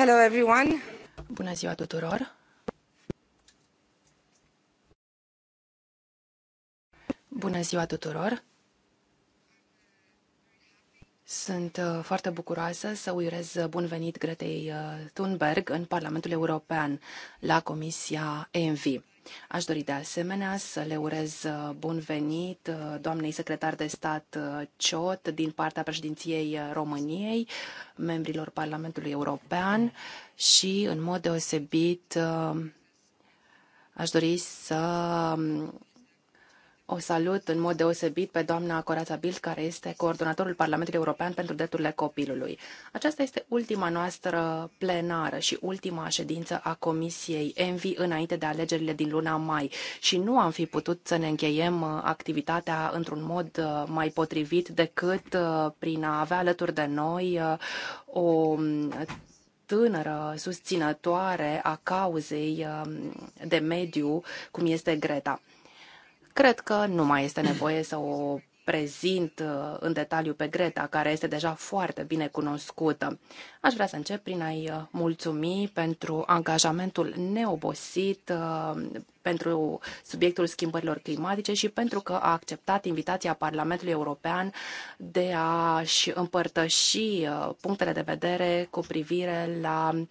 Hello everyone. Bună ziua tuturor. Bună ziua tuturor. Sunt uh, foarte bucuroasă să urez uh, bun venit Gretei uh, Thunberg în Parlamentul European la Comisia ENVI. Aș dori de asemenea să le urez uh, bun venit uh, doamnei secretar de stat uh, Ciot din partea președinției României, membrilor Parlamentului European și, în mod deosebit, aș dori să um, o salut în mod deosebit pe doamna Corața Bild, care este coordonatorul Parlamentului European pentru drepturile copilului. Aceasta este ultima noastră plenară și ultima ședință a Comisiei ENVI înainte de alegerile din luna mai și nu am fi putut să ne încheiem uh, activitatea într-un mod uh, mai potrivit decât uh, prin a avea alături de noi o um, tânără susținătoare a cauzei um, de mediu, cum este Greta. Cred că nu mai este nevoie să o prezint uh, în detaliu pe Greta, care este deja foarte bine cunoscută. Aș vrea să încep prin a-i uh, mulțumi pentru angajamentul neobosit uh, pentru subiectul schimbărilor climatice și pentru că a acceptat invitația Parlamentului European de a-și împărtăși punctele de vedere cu privire la uh,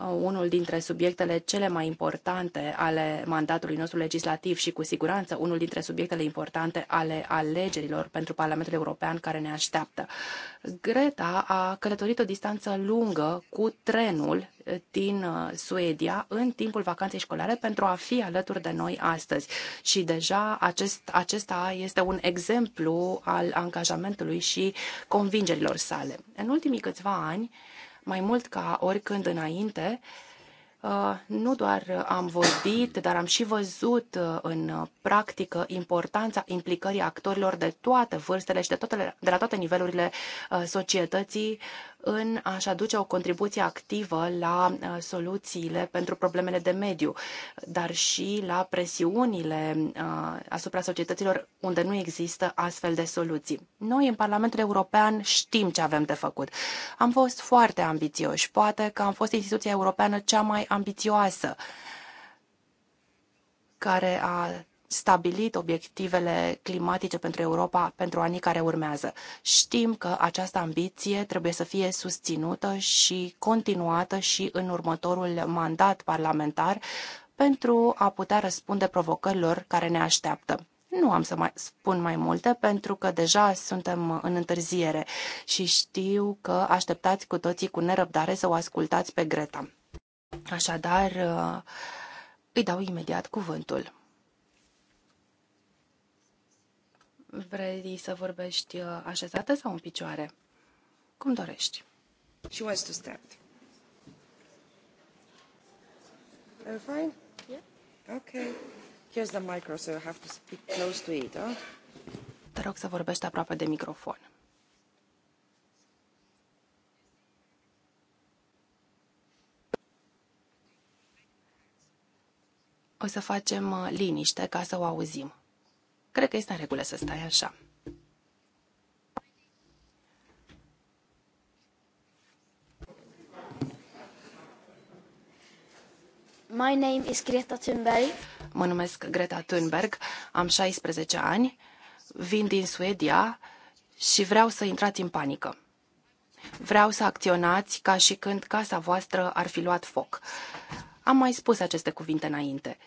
Uh, unul dintre subiectele cele mai importante ale mandatului nostru legislativ și cu siguranță unul dintre subiectele importante ale alegerilor pentru Parlamentul European care ne așteaptă. Greta a călătorit o distanță lungă cu trenul din uh, Suedia în timpul vacanței școlare pentru a fi alături de noi astăzi. Și deja acest, acesta este un exemplu al angajamentului și convingerilor sale. În ultimii câțiva ani, mai mult ca oricând înainte, uh, nu doar am vorbit, dar am și văzut uh, în practică importanța implicării actorilor de toate vârstele și de, toate, de la toate nivelurile uh, societății în a-și aduce o contribuție activă la uh, soluțiile pentru problemele de mediu, dar și la presiunile uh, asupra societăților unde nu există astfel de soluții. Noi în Parlamentul European știm ce avem de făcut. Am fost foarte ambițioși, poate că am fost instituția europeană cea mai ambițioasă care a stabilit obiectivele climatice pentru Europa pentru anii care urmează. Știm că această ambiție trebuie să fie susținută și continuată și în următorul mandat parlamentar pentru a putea răspunde provocărilor care ne așteaptă. Nu am să mai spun mai multe pentru că deja suntem în întârziere și știu că așteptați cu toții cu nerăbdare să o ascultați pe Greta. Așadar, îi dau imediat cuvântul. Vrei să vorbești uh, așezată sau în picioare? Cum dorești. She wants to stand. you fine? Yeah. Okay. Here's the micro, so you have to speak close to it, huh? Te rog să vorbești aproape de microfon. O să facem uh, liniște ca să o auzim. Cred că este în regulă să stai așa. My name is Greta Thunberg. Mă numesc Greta Thunberg, am 16 ani, vin din Suedia și vreau să intrați în panică. Vreau să acționați ca și când casa voastră ar fi luat foc. Am mai spus aceste cuvinte înainte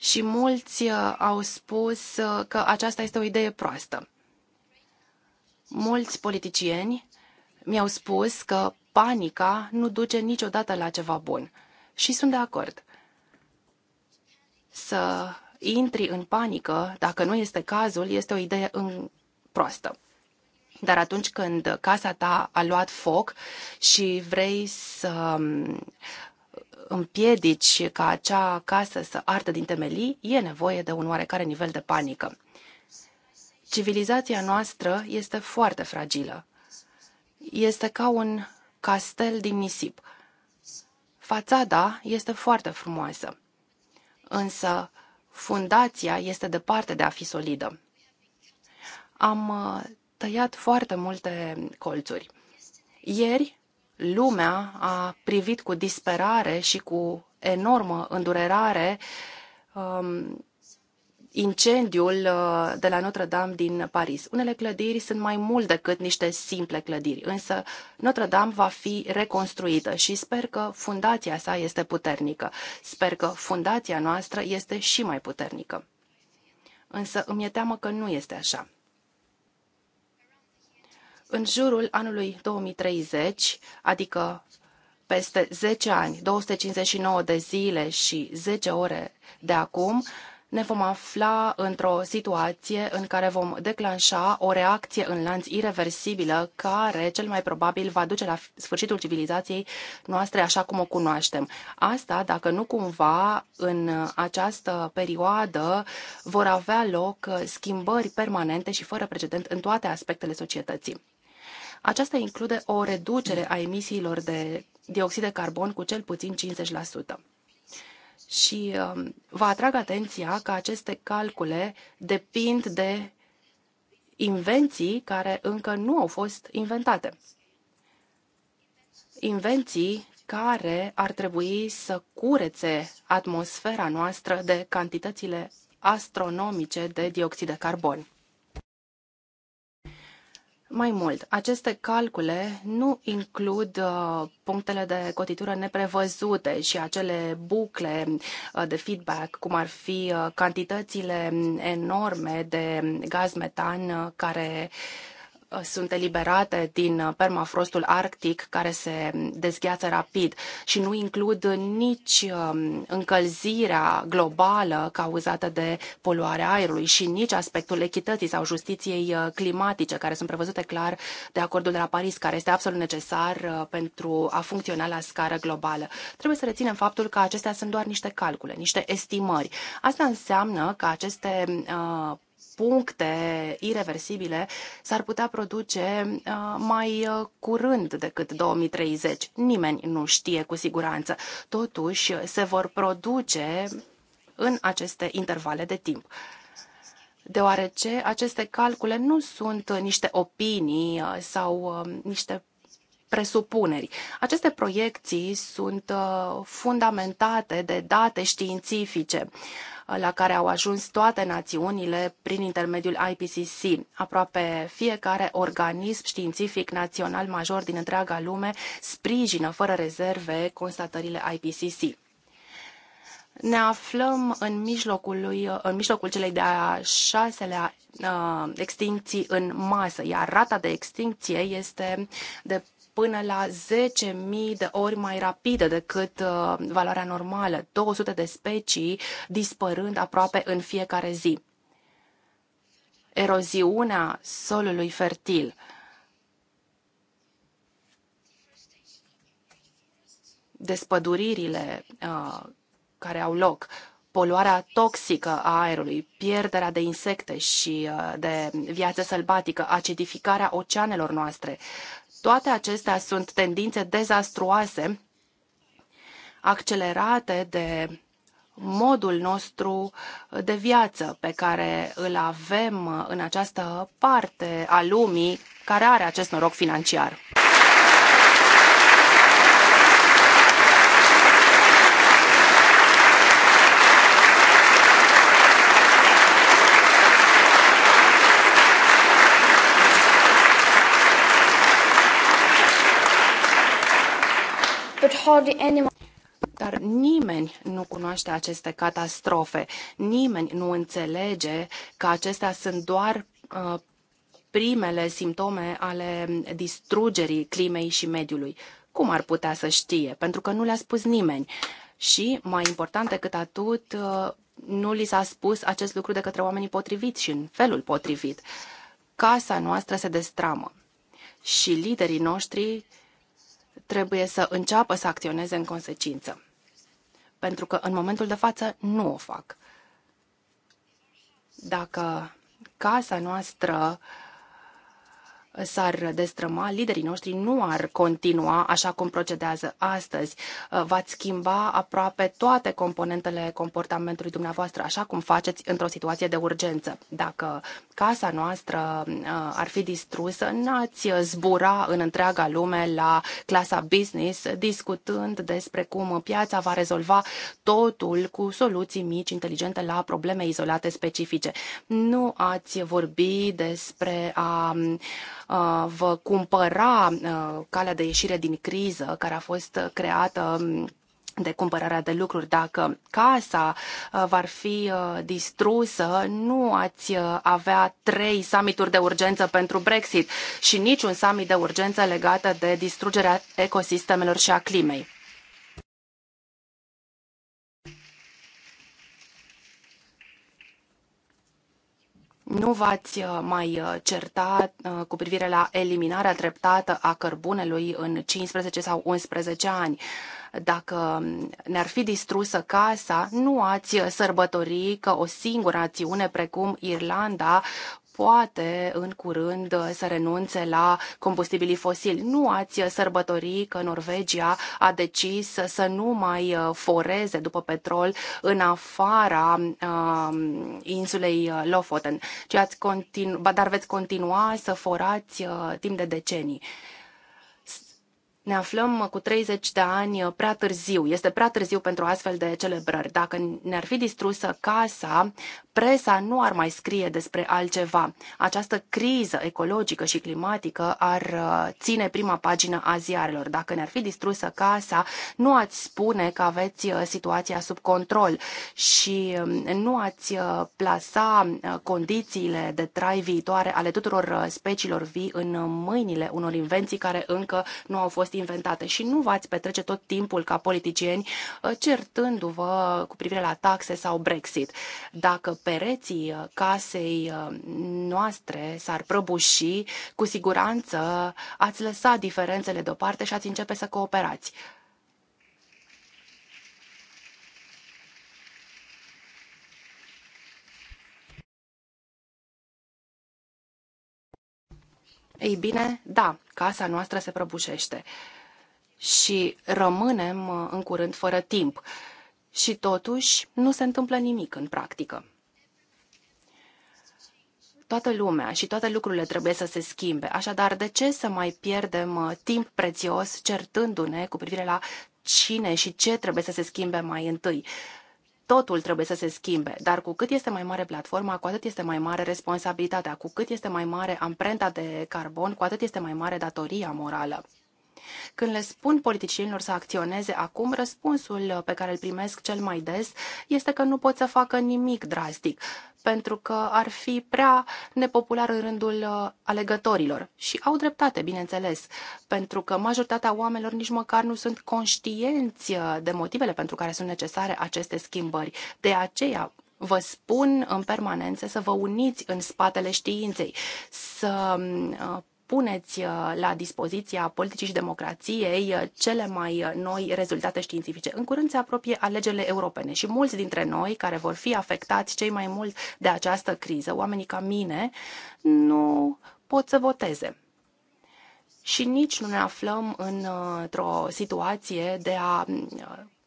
și mulți uh, au spus uh, că aceasta este o idee proastă. Mulți politicieni mi-au spus că panica nu duce niciodată la ceva bun. Și sunt de acord. Să intri în panică, dacă nu este cazul, este o idee în... proastă. Dar atunci când casa ta a luat foc și vrei să împiedici ca acea casă să ardă din temelii, e nevoie de un oarecare nivel de panică. Civilizația noastră este foarte fragilă. Este ca un castel din nisip. Fațada este foarte frumoasă, însă fundația este departe de a fi solidă. Am uh, tăiat foarte multe colțuri. Ieri lumea a privit cu disperare și cu enormă îndurerare um, incendiul uh, de la Notre-Dame din Paris. Unele clădiri sunt mai mult decât niște simple clădiri, însă Notre-Dame va fi reconstruită și sper că fundația sa este puternică. Sper că fundația noastră este și mai puternică. Însă îmi e teamă că nu este așa în jurul anului 2030, adică peste 10 ani, 259 de zile și 10 ore de acum, ne vom afla într-o situație în care vom declanșa o reacție în lanț irreversibilă care cel mai probabil va duce la sfârșitul civilizației noastre așa cum o cunoaștem. Asta dacă nu cumva în această perioadă vor avea loc schimbări permanente și fără precedent în toate aspectele societății. Aceasta include o reducere a emisiilor de dioxid de carbon cu cel puțin 50%. Și um, vă atrag atenția că aceste calcule depind de invenții care încă nu au fost inventate. Invenții care ar trebui să curețe atmosfera noastră de cantitățile astronomice de dioxid de carbon. Mai mult, aceste calcule nu includ uh, punctele de cotitură neprevăzute și acele bucle uh, de feedback, cum ar fi uh, cantitățile enorme de gaz metan care uh, sunt eliberate din uh, permafrostul arctic care se dezgheață rapid și nu includ nici um, încălzirea globală cauzată de poluarea aerului și nici aspectul echității sau justiției uh, climatice care sunt prevăzute clar de acordul de la Paris care este absolut necesar uh, pentru a funcționa la scară globală. Trebuie să reținem faptul că acestea sunt doar niște calcule, niște estimări. Asta înseamnă că aceste puncte irreversibile s-ar putea produce uh, mai uh, curând decât 2030. Nimeni nu știe cu siguranță. Totuși, se vor produce în aceste intervale de timp deoarece aceste calcule nu sunt niște opinii uh, sau niște presupuneri. Aceste proiecții sunt fundamentate de date științifice la care au ajuns toate națiunile prin intermediul IPCC. Aproape fiecare organism științific național major din întreaga lume sprijină fără rezerve constatările IPCC. Ne aflăm în mijlocul, lui, în mijlocul celei de-a șaselea uh, extincții în masă, iar rata de extincție este de până la 10.000 de ori mai rapidă decât uh, valoarea normală, 200 de specii dispărând aproape în fiecare zi. Eroziunea solului fertil. Despăduririle uh, care au loc, poluarea toxică a aerului, pierderea de insecte și uh, de viață sălbatică, acidificarea oceanelor noastre, toate acestea sunt tendințe dezastruoase accelerate de modul nostru de viață pe care îl avem în această parte a lumii care are acest noroc financiar. Dar nimeni nu cunoaște aceste catastrofe, nimeni nu înțelege că acestea sunt doar uh, primele simptome ale distrugerii climei și mediului. Cum ar putea să știe? Pentru că nu le-a spus nimeni. Și, mai important decât atât, uh, nu li s-a spus acest lucru de către oamenii potriviți și în felul potrivit. Casa noastră se destramă și liderii noștri trebuie să înceapă să acționeze în consecință. Pentru că în momentul de față nu o fac. Dacă casa noastră uh, s-ar destrăma, liderii noștri nu ar continua așa cum procedează astăzi. Uh, v-ați schimba aproape toate componentele comportamentului dumneavoastră, așa cum faceți într-o situație de urgență. Dacă casa noastră uh, ar fi distrusă, n-ați zbura în întreaga lume la clasa business, discutând despre cum piața va rezolva totul cu soluții mici, inteligente la probleme izolate specifice. Nu ați vorbi despre a Uh, vă cumpăra uh, calea de ieșire din criză care a fost creată um, de cumpărarea de lucruri. Dacă casa uh, va fi distrusă, nu ați avea trei summituri de urgență pentru Brexit și niciun summit de urgență legată de distrugerea ecosistemelor și a climei. nu v-ați uh, mai uh, certa uh, cu privire la eliminarea treptată a cărbunelui în 15 sau 11 ani. Dacă um, ne-ar fi distrusă casa, nu ați sărbători că o singură națiune precum Irlanda poate în curând uh, să renunțe la combustibilii fosili. Nu ați sărbători că Norvegia a decis să nu mai uh, foreze după petrol în afara um, uh, insulei Lofoten, ci ați continu- dar veți continua să forați uh, timp de decenii ne aflăm cu 30 de ani uh, prea târziu. Este prea târziu pentru astfel de celebrări. Dacă ne-ar fi distrusă casa, presa nu ar mai scrie despre altceva. Această criză ecologică și climatică ar uh, ține prima pagină a ziarelor. Dacă ne-ar fi distrusă casa, nu ați spune că aveți uh, situația sub control și um, nu ați plasa condițiile de trai viitoare ale tuturor speciilor vii în mâinile unor invenții care încă nu au fost fost inventate și nu v-ați petrece tot timpul ca politicieni uh, certându-vă cu privire la taxe sau Brexit. Dacă pereții uh, casei uh, noastre s-ar prăbuși, cu siguranță ați lăsa diferențele deoparte și ați începe să cooperați. Ei bine, da, casa noastră se prăbușește și rămânem uh, în curând fără timp. Și totuși nu se întâmplă nimic în practică. Toată lumea și toate lucrurile trebuie să se schimbe. Așadar, de ce să mai pierdem uh, timp prețios certându-ne cu privire la cine și ce trebuie să se schimbe mai întâi? totul trebuie să se schimbe, dar cu cât este mai mare platforma, cu atât este mai mare responsabilitatea, cu cât este mai mare amprenta de carbon, cu atât este mai mare datoria morală. Când le spun politicienilor să acționeze acum, răspunsul uh, pe care îl primesc cel mai des este că nu pot să facă nimic drastic, pentru că ar fi prea nepopular în rândul uh, alegătorilor. Și au dreptate, bineînțeles, pentru că majoritatea oamenilor nici măcar nu sunt conștienți uh, de motivele pentru care sunt necesare aceste schimbări. De aceea, vă spun în permanență să vă uniți în spatele științei, să mm, puneți uh, la dispoziția politicii și democrației uh, cele mai uh, noi rezultate științifice. În curând se apropie alegerile europene și mulți dintre noi care vor fi afectați cei mai mult de această criză, oamenii ca mine, nu pot să voteze și nici nu ne aflăm într-o situație de a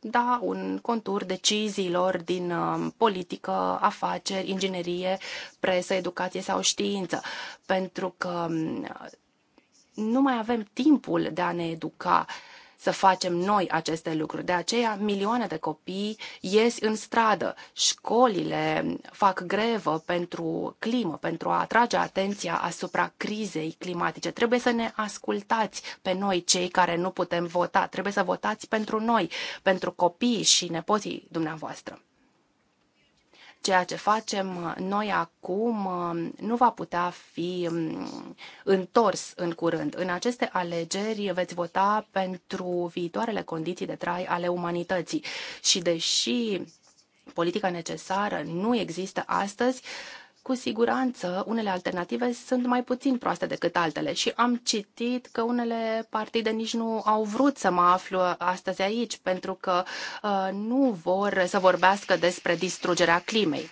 da un contur deciziilor din um, politică, afaceri, inginerie, presă, educație sau știință, pentru că um, nu mai avem timpul de a ne educa să facem noi aceste lucruri. De aceea, milioane de copii ies în stradă, școlile fac grevă pentru climă, pentru a atrage atenția asupra crizei climatice. Trebuie să ne ascultați pe noi, cei care nu putem vota. Trebuie să votați pentru noi, pentru copii și nepoții dumneavoastră. Ceea ce facem uh, noi acum uh, nu va putea fi um, întors în curând. În aceste alegeri veți vota pentru viitoarele condiții de trai ale umanității. Și deși politica necesară nu există astăzi, cu siguranță, unele alternative sunt mai puțin proaste decât altele și am citit că unele partide nici nu au vrut să mă aflu astăzi aici pentru că uh, nu vor să vorbească despre distrugerea climei.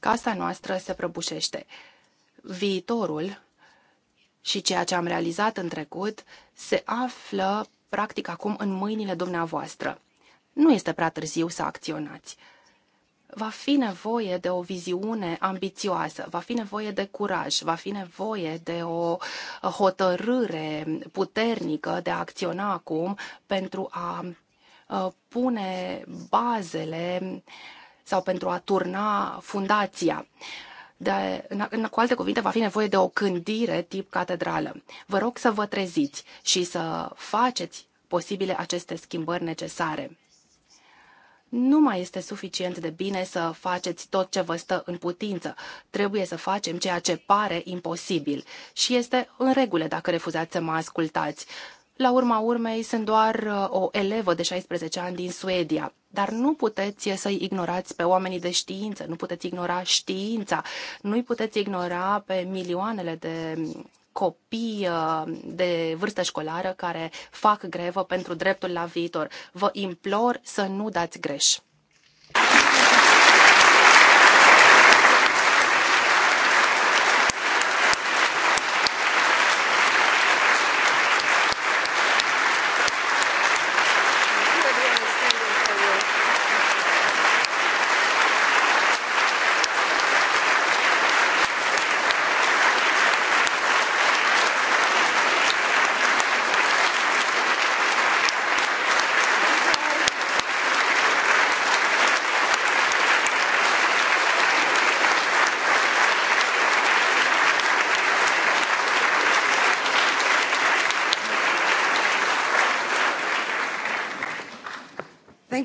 Casa noastră se prăbușește viitorul și ceea ce am realizat în trecut se află practic acum în mâinile dumneavoastră. Nu este prea târziu să acționați. Va fi nevoie de o viziune ambițioasă, va fi nevoie de curaj, va fi nevoie de o hotărâre puternică de a acționa acum pentru a pune bazele sau pentru a turna fundația de, în, cu alte cuvinte, va fi nevoie de o cândire tip catedrală. Vă rog să vă treziți și să faceți posibile aceste schimbări necesare. Nu mai este suficient de bine să faceți tot ce vă stă în putință. Trebuie să facem ceea ce pare imposibil. Și este în regulă dacă refuzați să mă ascultați. La urma urmei, sunt doar uh, o elevă de 16 ani din Suedia, dar nu puteți uh, să-i ignorați pe oamenii de știință, nu puteți ignora știința, nu-i puteți ignora pe milioanele de um, copii uh, de vârstă școlară care fac grevă pentru dreptul la viitor. Vă implor să nu dați greș.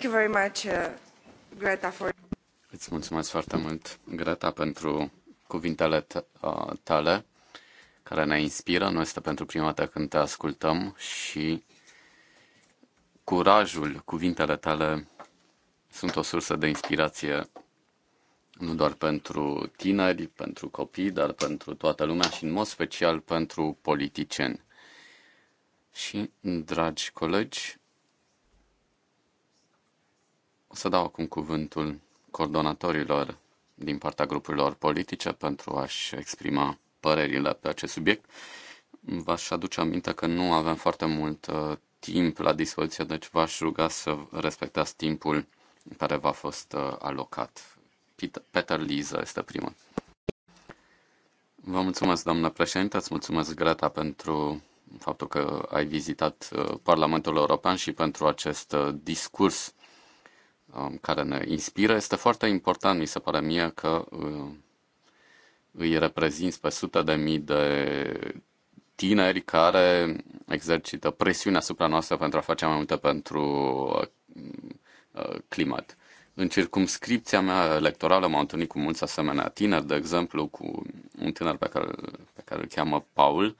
Thank you very much, uh, Greta, for... Îți mulțumesc foarte mult, Greta, pentru cuvintele uh, tale care ne inspiră. Nu este pentru prima dată când te ascultăm și curajul, cuvintele tale sunt o sursă de inspirație nu doar pentru tineri, pentru copii, dar pentru toată lumea și în mod special pentru politicieni. Și, dragi colegi, o să dau acum cuvântul coordonatorilor din partea grupurilor politice pentru a-și exprima părerile pe acest subiect. V-aș aduce aminte că nu avem foarte mult uh, timp la dispoziție, deci v-aș ruga să respectați timpul care v-a fost uh, alocat. Peter, Peter Liza este primul. Vă mulțumesc, doamnă președinte, îți mulțumesc, Greta, pentru faptul că ai vizitat uh, Parlamentul European și pentru acest uh, discurs Um, care ne inspiră. Este foarte important, mi se pare mie, că uh, îi reprezinți pe sute de mii de tineri care exercită presiune asupra noastră pentru a face mai multe pentru uh, uh, climat. În circumscripția mea electorală m-am întâlnit cu mulți asemenea tineri, de exemplu cu un tânăr pe care, pe care îl cheamă Paul,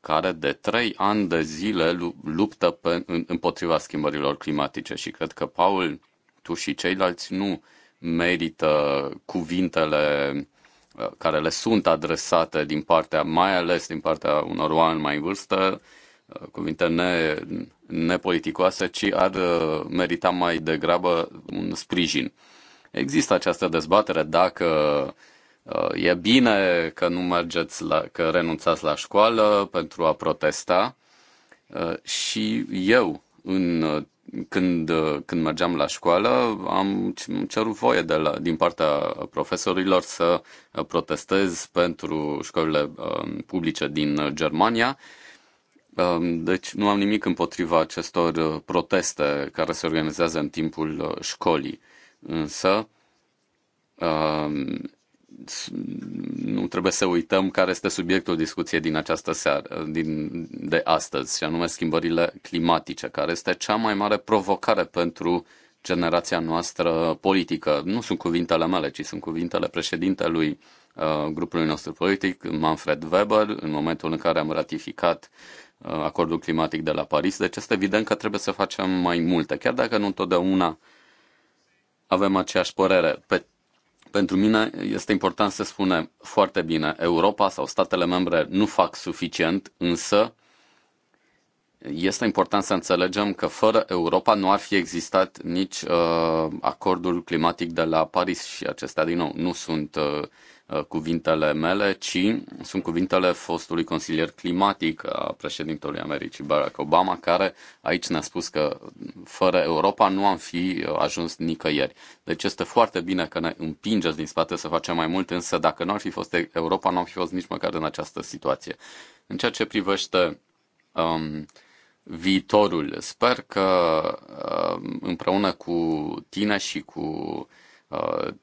care de trei ani de zile luptă pe, împotriva schimbărilor climatice și cred că Paul tu și ceilalți nu merită cuvintele uh, care le sunt adresate din partea, mai ales din partea unor oameni mai în vârstă, uh, cuvinte ne, nepoliticoase, ci ar uh, merita mai degrabă un sprijin. Există această dezbatere dacă e bine că nu mergeți la, că renunțați la școală pentru a protesta și eu în când, uh, când mergeam la școală, am cerut voie de la, din partea profesorilor să uh, protestez pentru școlile um, publice din uh, Germania. Um, deci nu am nimic împotriva acestor proteste care se organizează în timpul școlii. Însă, um, nu trebuie să uităm care este subiectul discuției din această seară, din, de astăzi, și anume schimbările climatice, care este cea mai mare provocare pentru generația noastră politică. Nu sunt cuvintele mele, ci sunt cuvintele președintelui uh, grupului nostru politic, Manfred Weber, în momentul în care am ratificat uh, acordul climatic de la Paris. Deci este evident că trebuie să facem mai multe, chiar dacă nu întotdeauna avem aceeași părere pe pentru mine este important să spunem foarte bine, Europa sau statele membre nu fac suficient, însă este important să înțelegem că fără Europa nu ar fi existat nici uh, acordul climatic de la Paris și acestea, din nou, nu sunt uh, Uh, cuvintele mele, ci sunt cuvintele fostului consilier climatic a președintelui Americii Barack Obama, care aici ne-a spus că fără Europa nu am fi uh, ajuns nicăieri. Deci este foarte bine că ne împingeți din spate să facem mai mult, însă dacă nu ar fi fost Europa, nu am fi fost nici măcar în această situație. În ceea ce privește um, viitorul, sper că um, împreună cu tine și cu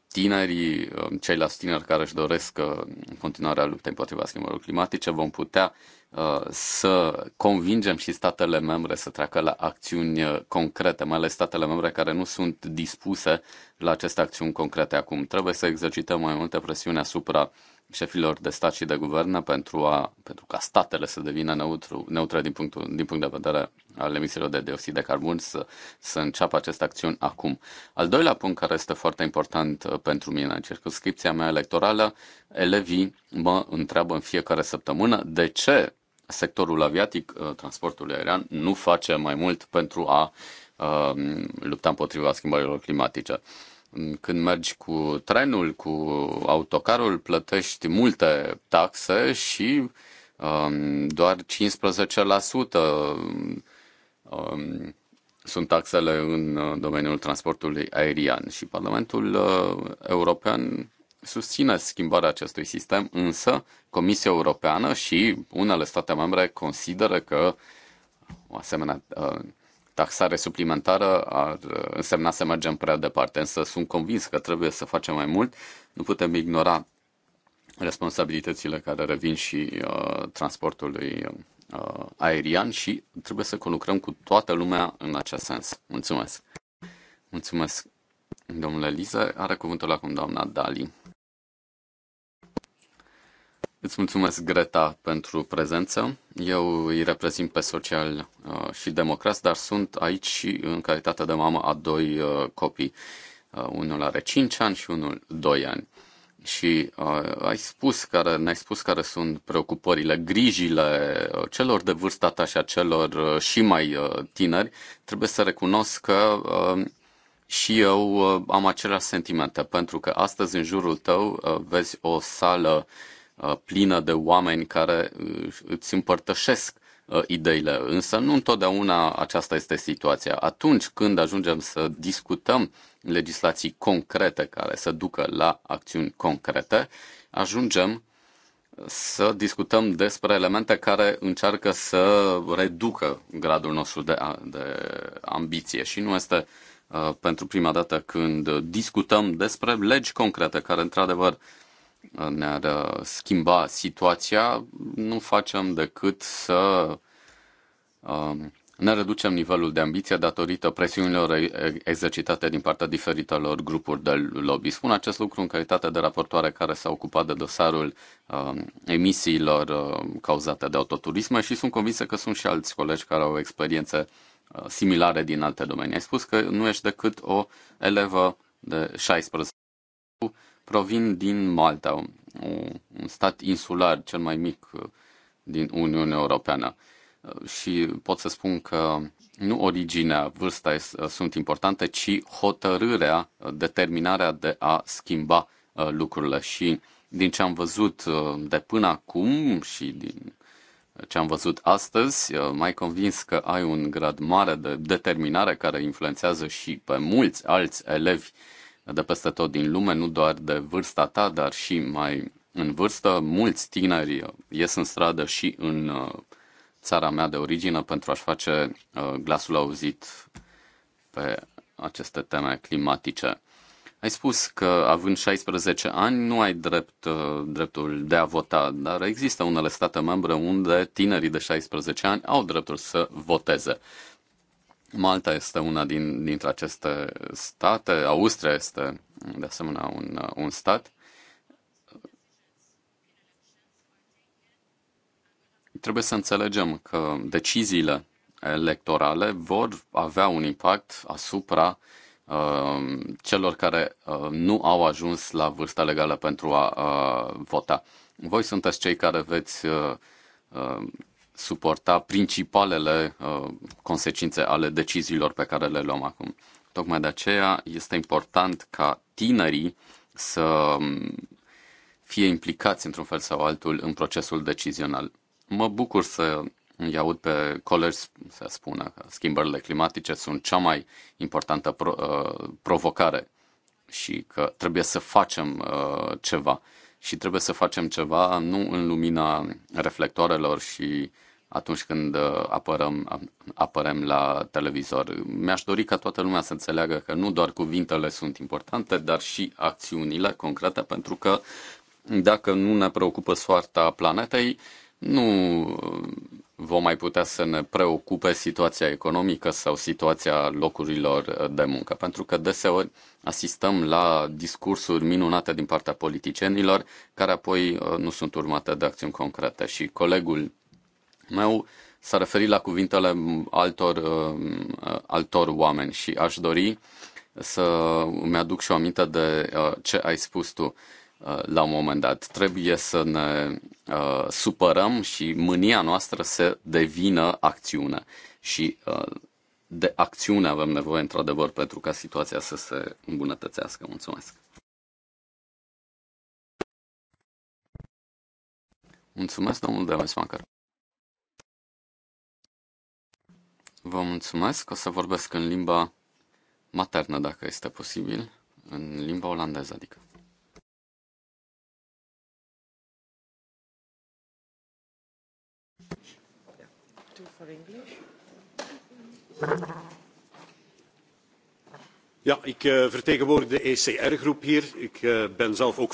tinerii, uh, ceilalți tineri care își doresc uh, continuarea luptei împotriva schimbărilor climatice, vom putea uh, să convingem și statele membre să treacă la acțiuni concrete, mai ales statele membre care nu sunt dispuse la aceste acțiuni concrete acum. Trebuie să exercităm mai multă presiune asupra uh, șefilor de stat și de guvern pentru, a, pentru ca statele să devină neutru, neutre din, punctul, din punct de vedere al emisiilor de dioxid de carbon, să, să înceapă aceste acțiuni acum. Al doilea punct care este foarte important uh, pentru mine, în circunscripția mea electorală, elevii mă întreabă în fiecare săptămână de ce sectorul aviatic, uh, transportul aerian, nu face mai mult pentru a uh, lupta împotriva schimbărilor climatice. Uh, când mergi cu trenul, cu autocarul, plătești multe taxe și um, doar 15% um, sunt taxele în uh, domeniul transportului aerian și Parlamentul uh, European susține schimbarea acestui sistem, însă Comisia Europeană și unele state membre consideră că o asemenea uh, taxare suplimentară ar uh, însemna să mergem prea departe, însă sunt convins că trebuie să facem mai mult. Nu putem ignora responsabilitățile care revin și uh, transportului uh, aerian și trebuie să conlucrăm cu toată lumea în acest sens. Mulțumesc! Mulțumesc, domnule Liza. Are cuvântul acum doamna Dali. Îți mulțumesc, Greta, pentru prezență. Eu îi reprezint pe social uh, și democrați, dar sunt aici și în calitate de mamă a doi uh, copii. Uh, unul are 5 ani și unul 2 ani. Și uh, ai spus care, ne-ai spus care sunt preocupările, grijile celor de vârsta ta și a celor și mai uh, tineri. Trebuie să recunosc că uh, și eu am aceleași sentimente, pentru că astăzi în jurul tău vezi o sală uh, Uh, plină de oameni care uh, îți împărtășesc uh, ideile, însă nu întotdeauna aceasta este situația. Atunci când ajungem să discutăm legislații concrete care să ducă la acțiuni concrete, ajungem să discutăm despre elemente care încearcă să reducă gradul nostru de, de ambiție și nu este uh, pentru prima dată când discutăm despre legi concrete care într-adevăr uh, ne-ar uh, schimba situația, nu facem decât să um, ne reducem nivelul de ambiție datorită presiunilor exercitate din partea diferitelor grupuri de lobby. Spun acest lucru în calitate de raportoare care s-a ocupat de dosarul um, emisiilor uh, cauzate de autoturisme și sunt convinsă că sunt și alți colegi care au experiențe uh, similare din alte domenii. Ai spus că nu ești decât o elevă de 16 provin din Malta, un stat insular cel mai mic uh, din Uniunea Europeană. Uh, și pot să spun că nu originea, vârsta uh, sunt importante, ci hotărârea, determinarea de a schimba lucrurile. Și din ce am văzut de până acum și din ce am văzut astăzi, mai convins că ai un grad mare de determinare care influențează și pe mulți alți elevi de peste tot din lume, nu doar de vârsta ta, dar și mai în vârstă. Mulți tineri uh, ies în stradă și în uh, țara mea de origine pentru a-și face uh, glasul auzit pe aceste teme climatice. Ai spus că având 16 ani nu ai drept, dreptul de a vota, dar există unele state membre unde tinerii de 16 ani au dreptul să voteze. Malta este una din, dintre aceste state, Austria este de asemenea un, un stat. Trebuie să înțelegem că deciziile electorale vor avea un impact asupra uh, celor care uh, nu au ajuns la vârsta legală pentru a uh, vota. Voi sunteți cei care veți uh, uh, suporta principalele uh, consecințe ale deciziilor pe care le luăm acum. Tocmai de aceea este important ca tinerii să um, fie implicați într-un fel sau altul în procesul decizional. Mă bucur să îi aud pe colegi să spună că schimbările climatice sunt cea mai importantă pro, uh, provocare și că trebuie să facem uh, ceva. Și trebuie să facem ceva nu în lumina reflectoarelor și atunci când uh, apărăm, apărăm la televizor. Mi-aș dori ca toată lumea să înțeleagă că nu doar cuvintele sunt importante, dar și acțiunile concrete, pentru că dacă nu ne preocupă soarta planetei, nu uh, vom mai putea să ne preocupe situația economică sau situația locurilor de muncă, pentru că deseori asistăm la discursuri minunate din partea politicienilor, care apoi uh, nu sunt urmate de acțiuni concrete. Și colegul meu s-a referit la cuvintele altor, uh, altor oameni și aș dori să îmi aduc și o aminte de uh, ce ai spus tu uh, la un moment dat. Trebuie să ne supărăm și mânia noastră să devină acțiune. Și de acțiune avem nevoie, într-adevăr, pentru ca situația să se îmbunătățească. Mulțumesc! Mulțumesc, domnul Demesmacher! Vă mulțumesc. O să vorbesc în limba maternă, dacă este posibil, în limba olandeză, adică. Ja, ik uh, vertegenwoordig de ECR-groep hier. Ik uh, ben zelf ook.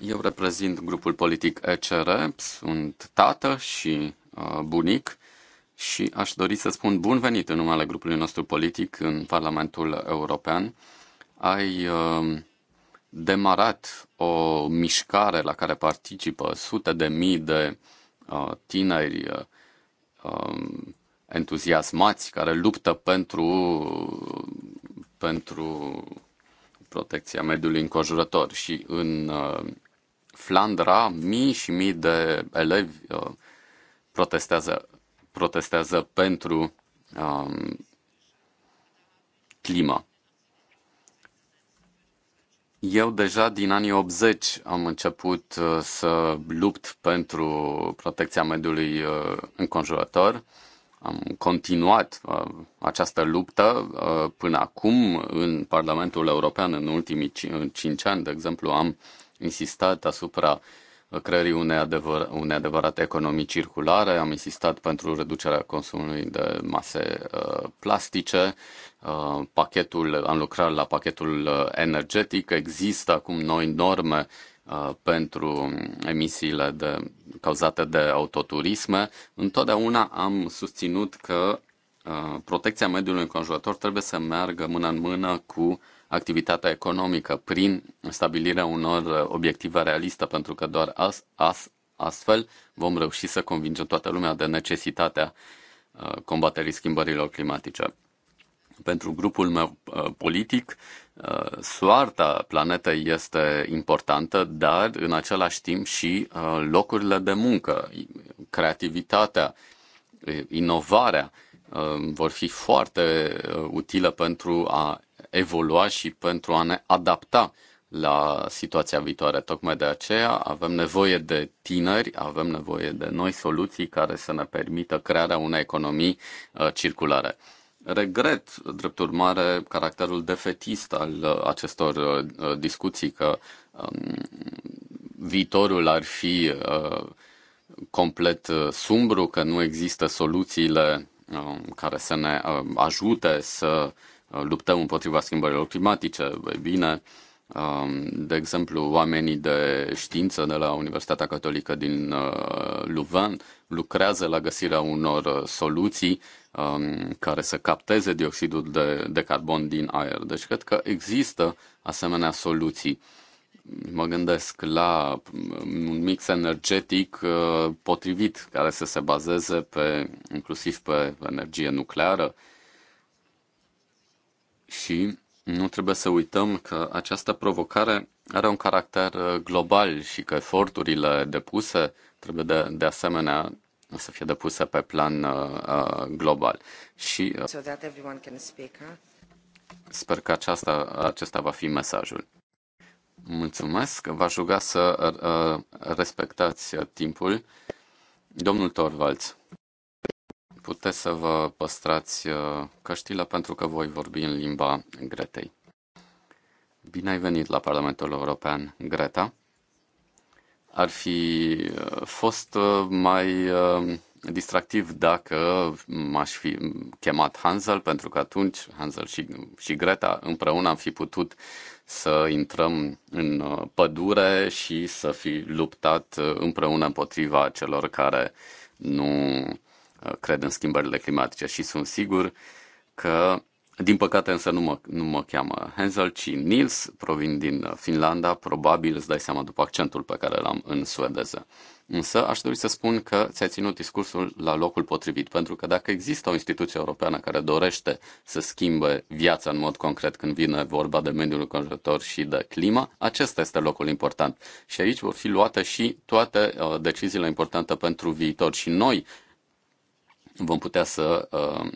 Eu reprezint grupul politic ECR, sunt tată și uh, bunic și aș dori să spun bun venit în numele grupului nostru politic în Parlamentul European. Ai um, demarat o mișcare la care participă sute de mii de uh, tineri uh, um, entuziasmați care luptă pentru, pentru protecția mediului înconjurător și în uh, Flandra mii și mii de elevi protestează protestează pentru um, climă. Eu deja din anii 80 am început uh, să lupt pentru protecția mediului uh, înconjurător. Am continuat uh, această luptă până acum în Parlamentul European în ultimii 5 ani, de exemplu, am insistat asupra uh, creării unei, adevăr, unei adevărate economii circulare. Am insistat pentru reducerea consumului de mase uh, plastice. Uh, pachetul, am lucrat la pachetul uh, energetic. Există acum noi norme uh, pentru emisiile de, cauzate de autoturisme. Întotdeauna am susținut că uh, protecția mediului înconjurător trebuie să meargă mână în mână cu uh, activitatea economică prin stabilirea unor uh, obiective realiste, pentru că doar as, as, astfel vom reuși să convingem toată lumea de necesitatea uh, combaterii schimbărilor climatice. Pentru grupul meu uh, politic, soarta planetei este importantă, dar în același timp și locurile de muncă, creativitatea, inovarea vor fi foarte utile pentru a evolua și pentru a ne adapta la situația viitoare. Tocmai de aceea avem nevoie de tineri, avem nevoie de noi soluții care să ne permită crearea unei economii uh, circulare. Regret, drept urmare, caracterul defetist al uh, acestor uh, discuții că um, viitorul ar fi complet sumbru, că nu există soluțiile um, care să ne ajute să luptăm împotriva schimbărilor climatice, bine, um, de exemplu, oamenii de știință de la Universitatea Catolică din uh, Luvan lucrează la găsirea unor uh, soluții um, care să capteze dioxidul de, de carbon din aer. Deci cred că există asemenea soluții. Mă gândesc la um, un mix energetic uh, potrivit care să se bazeze pe, inclusiv pe energie nucleară, și nu trebuie să uităm că această provocare are un caracter uh, global și că eforturile depuse trebuie de, de asemenea să fie depuse pe plan uh, uh, global. Și uh, so that everyone can speak, huh? sper că aceasta, acesta va fi mesajul. Mulțumesc, v-aș ruga să uh, uh respectați timpul. Domnul Torvalds puteți să vă păstrați uh, căștile pentru că voi vorbi în limba Gretei. Bine ai venit la Parlamentul European, Greta. Ar fi uh, fost uh, mai distractiv dacă m-aș fi chemat Hansel, pentru că atunci Hansel și, și Greta împreună am fi putut să intrăm în pădure și să fi luptat împreună împotriva celor care nu Uh, cred în schimbările climatice și sunt sigur că, din păcate însă nu mă, nu mă cheamă Hansel, ci Nils, provin din uh, Finlanda, probabil îți dai seama după accentul pe care l-am în suedeză. Însă aș dori să spun că ți-ai ținut discursul la locul potrivit, pentru că dacă există o instituție europeană care dorește să schimbe viața în mod concret când vine vorba de mediul înconjurător și de climă, acesta este locul important. Și aici vor fi luate și toate uh, deciziile importante pentru viitor. Și noi, vom putea să uh,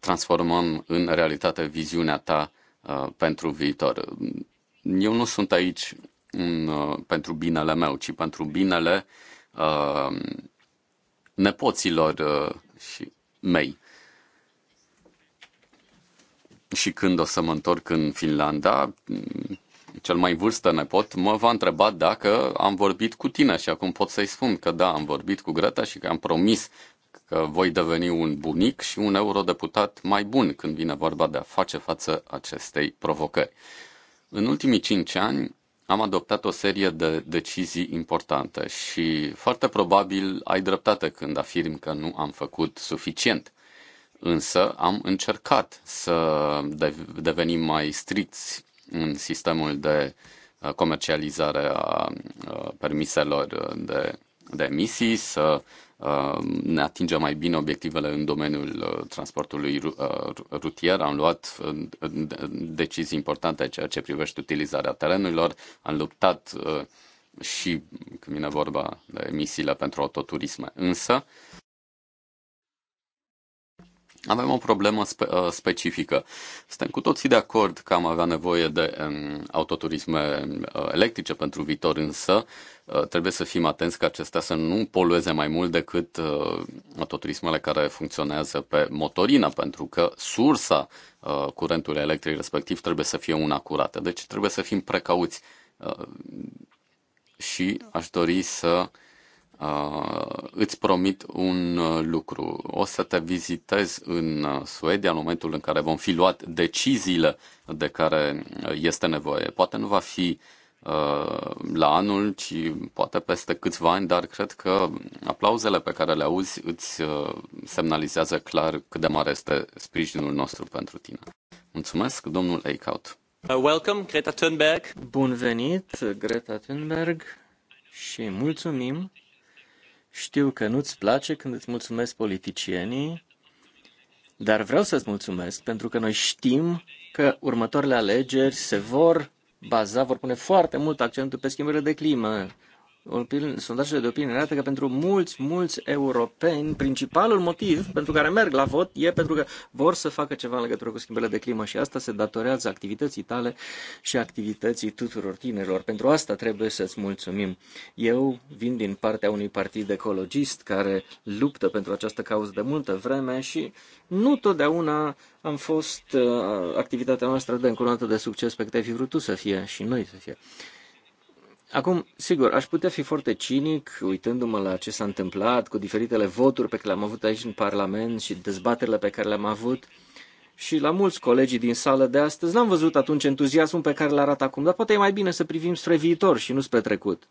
transformăm în realitate viziunea ta uh, pentru viitor. Eu nu sunt aici uh, pentru binele meu, ci pentru binele nepoților și mei. Și când o să mă întorc în Finlanda, mm, cel mai vârstă nepot mă va întreba dacă am vorbit cu tine și acum pot să-i spun că da, am vorbit cu Greta și că am promis că voi deveni un bunic și un eurodeputat mai bun când vine vorba de a face față acestei provocări. În ultimii cinci ani am adoptat o serie de decizii importante și foarte probabil ai dreptate când afirm că nu am făcut suficient. Însă am încercat să devenim mai stricți în sistemul de uh, comercializare a uh, permiselor de, de emisii, să Uh, ne atinge mai bine obiectivele în domeniul uh, transportului uh, rutier. Am luat decizii importante în ceea ce privește utilizarea terenurilor. Am luptat și când vine vorba de emisiile pentru autoturisme. Însă, avem o problemă spe- uh, specifică. Suntem cu toții de acord că am avea nevoie de um, autoturisme uh, electrice pentru viitor, însă uh, trebuie să fim atenți că acestea să nu polueze mai mult decât uh, autoturismele care funcționează pe motorină, pentru că sursa uh, curentului electric respectiv trebuie să fie una curată. Deci trebuie să fim precauți. Uh, și aș dori să uh, Uh, îți promit un uh, lucru. O să te vizitez în uh, Suedia în momentul în care vom fi luat deciziile de care este nevoie. Poate nu va fi la anul, ci poate peste câțiva ani, dar cred că aplauzele pe care le auzi îți semnalizează clar cât de mare este sprijinul nostru pentru tine. Mulțumesc, domnul Eichhout. Welcome, Greta Thunberg. Bun venit, Greta Thunberg, și mulțumim știu că nu-ți place când îți mulțumesc politicienii, dar vreau să-ți mulțumesc pentru că noi știm că următoarele alegeri se vor baza, vor pune foarte mult accentul pe schimbările de climă, sondajele de opinie arată că pentru mulți, mulți europeni, principalul motiv pentru care merg la vot e pentru că vor să facă ceva în legătură cu schimbările de climă și asta se datorează activității tale și activității tuturor tinerilor. Pentru asta trebuie să-ți mulțumim. Eu vin din partea unui partid ecologist care luptă pentru această cauză de multă vreme și nu totdeauna am fost, uh, activitatea noastră de încurată de succes pe care ai fi vrut tu să fie și noi să fie. Acum, sigur, aș putea fi foarte cinic uitându-mă la ce s-a întâmplat cu diferitele voturi pe care le-am avut aici în Parlament și dezbaterile pe care le-am avut și la mulți colegii din sală de astăzi. N-am văzut atunci entuziasmul pe care l arată acum, dar poate e mai bine să privim spre viitor și nu spre trecut.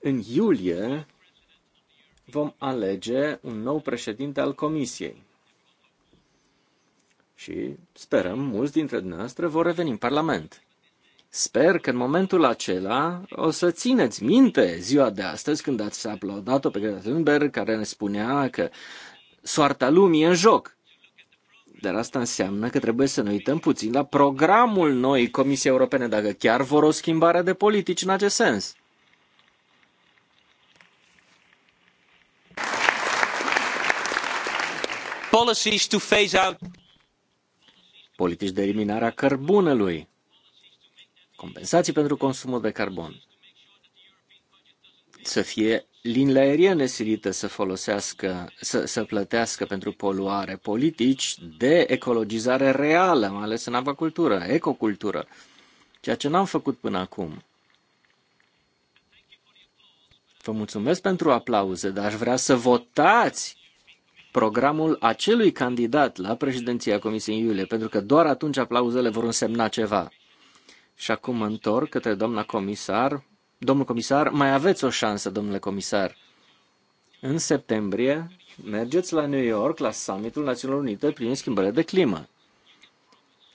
În iulie vom alege un nou președinte al Comisiei și sperăm mulți dintre dumneavoastră vor reveni în Parlament. Sper că în momentul acela o să țineți minte ziua de astăzi când ați aplaudat-o pe Greta Thunberg care ne spunea că soarta lumii e în joc. Dar asta înseamnă că trebuie să ne uităm puțin la programul noi Comisiei Europene, dacă chiar vor o schimbare de politici în acest sens. Policies to phase out politici de eliminare a cărbunelui, compensații pentru consumul de carbon, să fie liniile aeriene silite să folosească, să, să plătească pentru poluare, politici de ecologizare reală, mai ales în avacultură, ecocultură, ceea ce n-am făcut până acum. Vă mulțumesc pentru aplauze, dar aș vrea să votați programul acelui candidat la președinția Comisiei în iulie, pentru că doar atunci aplauzele vor însemna ceva. Și acum mă întorc către doamna comisar. Domnul comisar, mai aveți o șansă, domnule comisar. În septembrie mergeți la New York la summitul Națiunilor Unite prin schimbările de climă.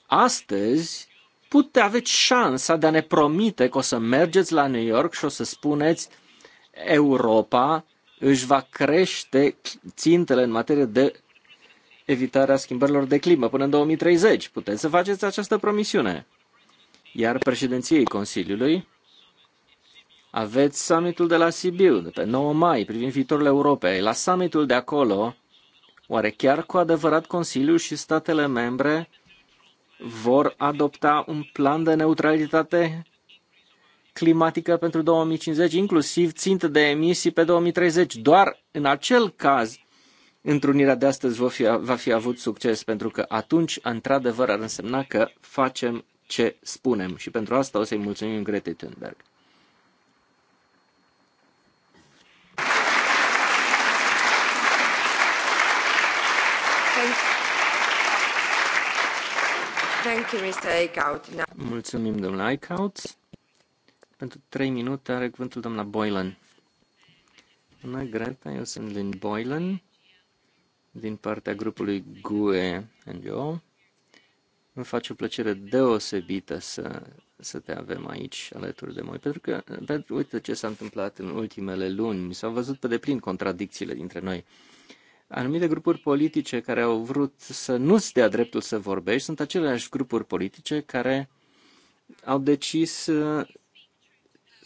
Astăzi puteți aveți șansa de a ne promite că o să mergeți la New York și o să spuneți Europa își va crește țintele în materie de evitarea schimbărilor de climă până în 2030. Puteți să faceți această promisiune. Iar președinției Consiliului aveți summitul de la Sibiu, de pe 9 mai, privind viitorul Europei. La summitul de acolo, oare chiar cu adevărat Consiliul și statele membre vor adopta un plan de neutralitate climatică pentru 2050, inclusiv țintă de emisii pe 2030. Doar în acel caz întrunirea de astăzi va fi, va fi avut succes, pentru că atunci, într-adevăr, ar însemna că facem ce spunem. Și pentru asta o să-i mulțumim Grete Thunberg. Mulțumim, domnule Eichhout. Pentru trei minute are cuvântul doamna Boylan. Bună, Greta, eu sunt Lynn Boylan, din partea grupului GUE NGO. Îmi face o plăcere deosebită să, să te avem aici alături de noi, pentru că, pentru, uite ce s-a întâmplat în ultimele luni, s-au văzut pe deplin contradicțiile dintre noi. Anumite grupuri politice care au vrut să nu-ți dea dreptul să vorbești sunt aceleași grupuri politice care au decis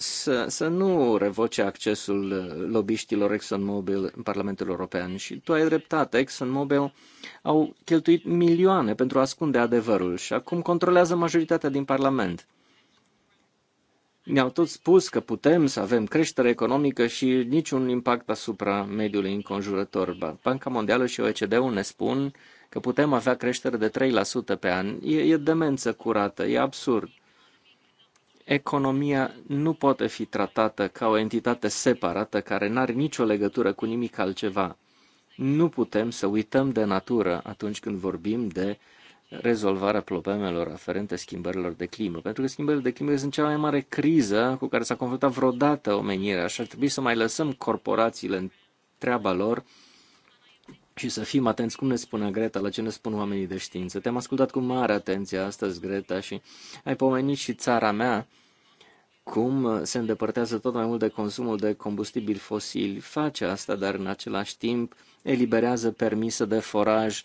să, să nu revoce accesul uh, lobiștilor ExxonMobil în Parlamentul European. Și tu ai dreptate, ExxonMobil au cheltuit milioane pentru a ascunde adevărul și acum controlează majoritatea din Parlament. Ne-au tot spus că putem să avem creștere economică și niciun impact asupra mediului înconjurător. Banca Mondială și OECD-ul ne spun că putem avea creștere de 3% pe an. E, e demență curată, e absurd economia nu poate fi tratată ca o entitate separată care n-are nicio legătură cu nimic altceva. Nu putem să uităm de natură atunci când vorbim de rezolvarea problemelor aferente schimbărilor de climă, pentru că schimbările de climă sunt cea mai mare criză cu care s-a confruntat vreodată omenirea și ar trebui să mai lăsăm corporațiile în treaba lor și să fim atenți cum ne spune Greta, la ce ne spun oamenii de știință. Te-am ascultat cu mare atenție astăzi, Greta, și ai pomenit și țara mea, cum se îndepărtează tot mai mult de consumul de combustibili fosili. Face asta, dar în același timp eliberează permisă de foraj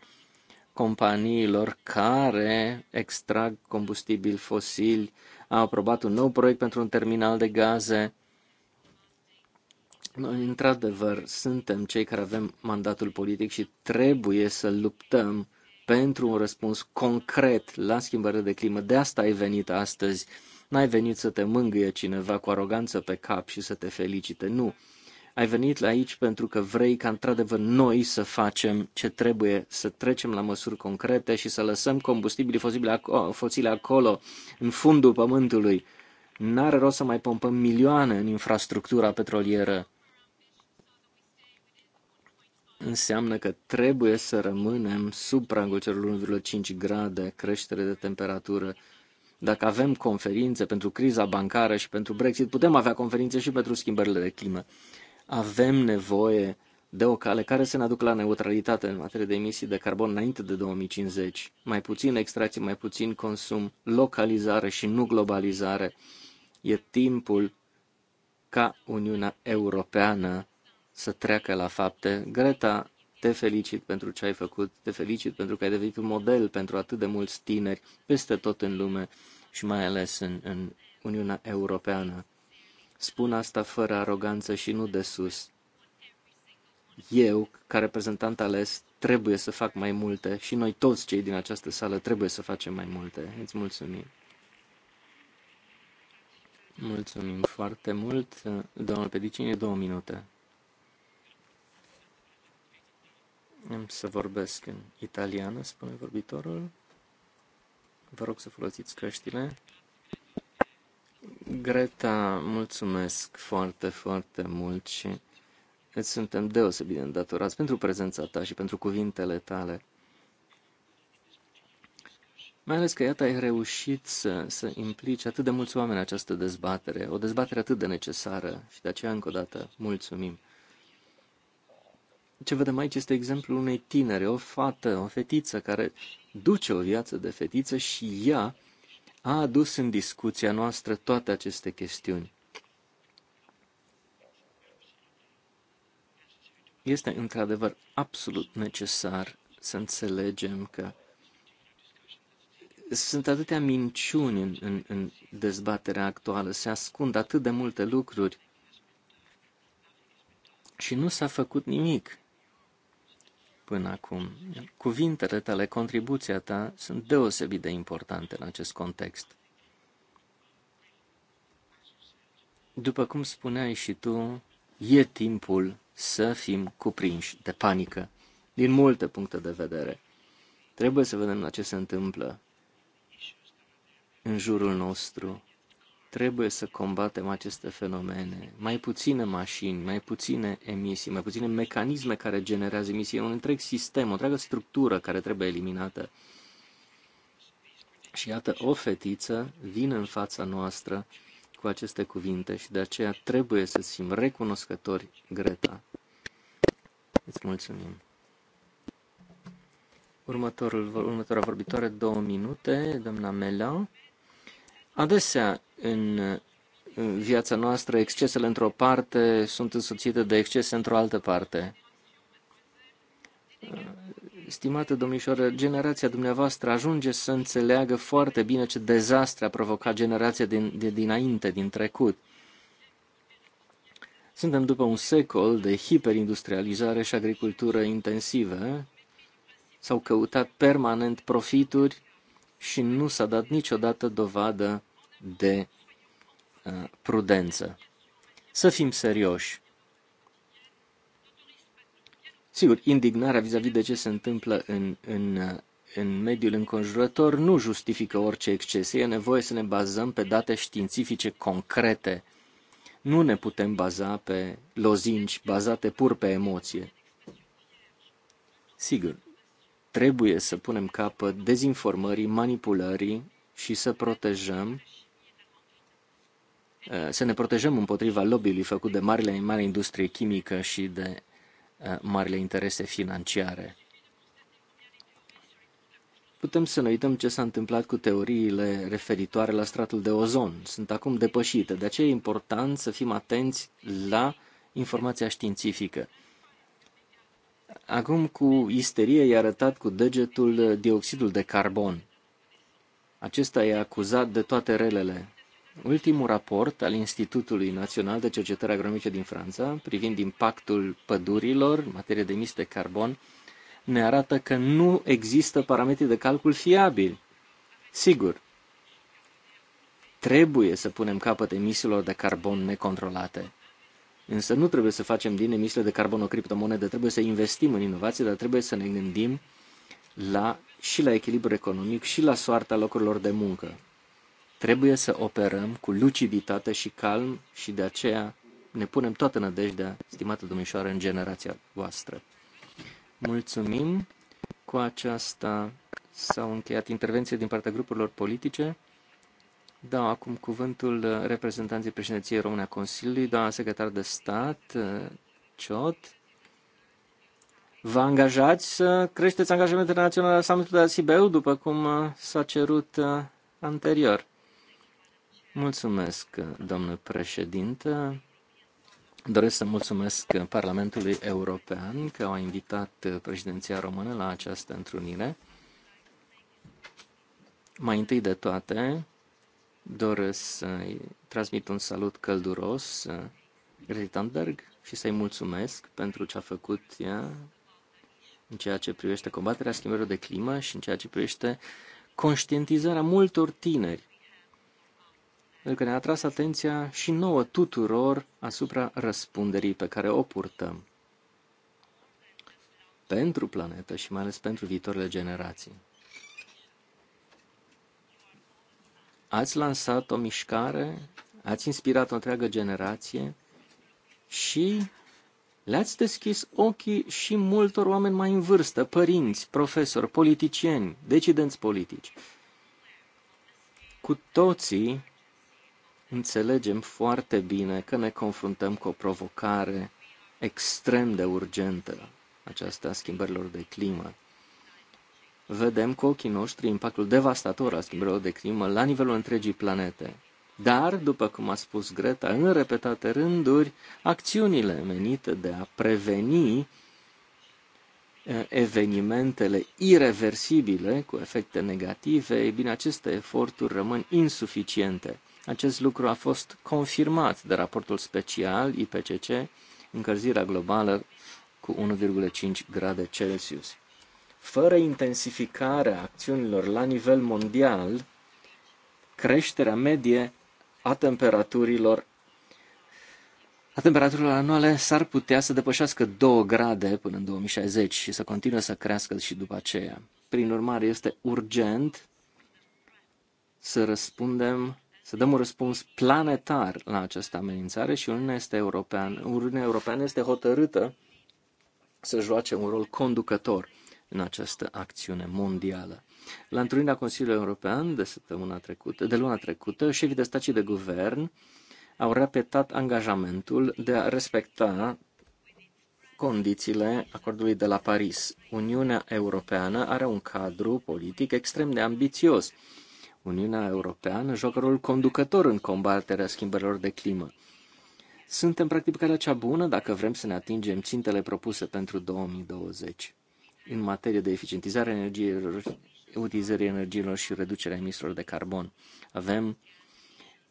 companiilor care extrag combustibili fosili. A aprobat un nou proiect pentru un terminal de gaze noi, într-adevăr, suntem cei care avem mandatul politic și trebuie să luptăm pentru un răspuns concret la schimbările de climă. De asta ai venit astăzi. N-ai venit să te mângâie cineva cu aroganță pe cap și să te felicite. Nu. Ai venit la aici pentru că vrei ca într-adevăr noi să facem ce trebuie, să trecem la măsuri concrete și să lăsăm combustibilii fosibile acolo, acolo, în fundul pământului. N-are rost să mai pompăm milioane în infrastructura petrolieră înseamnă că trebuie să rămânem sub pragul celor 1,5 grade creștere de temperatură. Dacă avem conferințe pentru criza bancară și pentru Brexit, putem avea conferințe și pentru schimbările de climă. Avem nevoie de o cale care să ne aducă la neutralitate în materie de emisii de carbon înainte de 2050. Mai puțin extracție, mai puțin consum, localizare și nu globalizare. E timpul ca Uniunea Europeană să treacă la fapte. Greta, te felicit pentru ce ai făcut, te felicit pentru că ai devenit un model pentru atât de mulți tineri peste tot în lume și mai ales în, în Uniunea Europeană. Spun asta fără aroganță și nu de sus. Eu, ca reprezentant ales, trebuie să fac mai multe și noi toți cei din această sală trebuie să facem mai multe. Îți mulțumim. Mulțumim foarte mult. domnul Pedicini, două minute. Am să vorbesc în italiană, spune vorbitorul. Vă rog să folosiți căștile. Greta, mulțumesc foarte, foarte mult și îți suntem deosebit de îndatorați pentru prezența ta și pentru cuvintele tale. Mai ales că, iată, ai reușit să, să implici atât de mulți oameni în această dezbatere, o dezbatere atât de necesară și de aceea, încă o dată, mulțumim. Ce vedem aici este exemplul unei tinere, o fată, o fetiță care duce o viață de fetiță și ea a adus în discuția noastră toate aceste chestiuni. Este într-adevăr absolut necesar să înțelegem că sunt atâtea minciuni în, în, în dezbaterea actuală, se ascund atât de multe lucruri și nu s-a făcut nimic până acum. Cuvintele tale, contribuția ta sunt deosebit de importante în acest context. După cum spuneai și tu, e timpul să fim cuprinși de panică, din multe puncte de vedere. Trebuie să vedem la ce se întâmplă în jurul nostru. Trebuie să combatem aceste fenomene. Mai puține mașini, mai puține emisii, mai puține mecanisme care generează emisii, un întreg sistem, o întreagă structură care trebuie eliminată. Și iată, o fetiță vine în fața noastră cu aceste cuvinte și de aceea trebuie să simt recunoscători, Greta. Îți mulțumim. Următorul, următoarea vorbitoare, două minute, doamna Mela. Adesea, în viața noastră, excesele într-o parte sunt însoțite de excese într-o altă parte. Stimată domnișoară, generația dumneavoastră ajunge să înțeleagă foarte bine ce dezastre a provocat generația din, de dinainte, din trecut. Suntem după un secol de hiperindustrializare și agricultură intensivă. S-au căutat permanent profituri și nu s-a dat niciodată dovadă de uh, prudență. Să fim serioși. Sigur, indignarea vis-a-vis -vis de ce se întâmplă în, în, uh, în mediul înconjurător nu justifică orice exces. E nevoie să ne bazăm pe date științifice concrete. Nu ne putem baza pe lozinci bazate pur pe emoție. Sigur, trebuie să punem capăt dezinformării, manipulării și să protejăm Uh, să ne protejăm împotriva lobby-ului făcut de marile, marile industrie chimică și de uh, marile interese financiare. Putem să ne uităm ce s-a întâmplat cu teoriile referitoare la stratul de ozon. Sunt acum depășite, de aceea e important să fim atenți la informația științifică. Acum cu isterie i-a arătat cu degetul dioxidul de carbon. Acesta e acuzat de toate relele ultimul raport al Institutului Național de Cercetări Agronomice din Franța, privind impactul pădurilor în materie de emisii de carbon, ne arată că nu există parametri de calcul fiabili. Sigur, trebuie să punem capăt emisiilor de carbon necontrolate. Însă nu trebuie să facem din emisiile de carbon o criptomonedă, trebuie să investim în inovație, dar trebuie să ne gândim la, și la echilibru economic și la soarta locurilor de muncă. Trebuie să operăm cu luciditate și calm și de aceea ne punem toată nădejdea, stimată domnișoară, în generația voastră. Mulțumim! Cu aceasta s-au încheiat intervenții din partea grupurilor politice. Dau acum cuvântul reprezentanții președinției Române a Consiliului, doamna secretar de stat, Ciot. Vă angajați să creșteți angajamentele naționale la summitul de la Sibeu, după cum s-a cerut anterior. Mulțumesc, domnule președinte. Doresc să mulțumesc Parlamentului European că au invitat președinția română la această întrunire. Mai întâi de toate, doresc să-i transmit un salut călduros Greta Thunberg și să-i mulțumesc pentru ce a făcut ea în ceea ce privește combaterea schimbărilor de climă și în ceea ce privește conștientizarea multor tineri pentru că ne-a atras atenția și nouă tuturor asupra răspunderii pe care o purtăm pentru planetă și mai ales pentru viitoarele generații. Ați lansat o mișcare, ați inspirat o întreagă generație și le-ați deschis ochii și multor oameni mai în vârstă, părinți, profesori, politicieni, decidenți politici. Cu toții Înțelegem foarte bine că ne confruntăm cu o provocare extrem de urgentă, aceasta a schimbărilor de climă. Vedem cu ochii noștri impactul devastator al schimbărilor de climă la nivelul întregii planete. Dar, după cum a spus Greta, în repetate rânduri, acțiunile menite de a preveni evenimentele irreversibile cu efecte negative, e bine, aceste eforturi rămân insuficiente. Acest lucru a fost confirmat de raportul special IPCC, încălzirea globală cu 1,5 grade Celsius. Fără intensificarea acțiunilor la nivel mondial, creșterea medie a temperaturilor a temperaturilor anuale s-ar putea să depășească 2 grade până în 2060 și să continue să crească și după aceea. Prin urmare, este urgent să răspundem să dăm un răspuns planetar la această amenințare și Uniunea, este European, Uniunea Europeană este hotărâtă să joace un rol conducător în această acțiune mondială. La întrunirea Consiliului European de, săptămâna trecută, de luna trecută, șefii de stat și de guvern au repetat angajamentul de a respecta condițiile acordului de la Paris. Uniunea Europeană are un cadru politic extrem de ambițios Uniunea Europeană joacă rolul conducător în combaterea schimbărilor de climă. Suntem practic pe cea bună dacă vrem să ne atingem țintele propuse pentru 2020 în materie de eficientizare energiilor, utilizării energiilor și reducerea emisiilor de carbon. Avem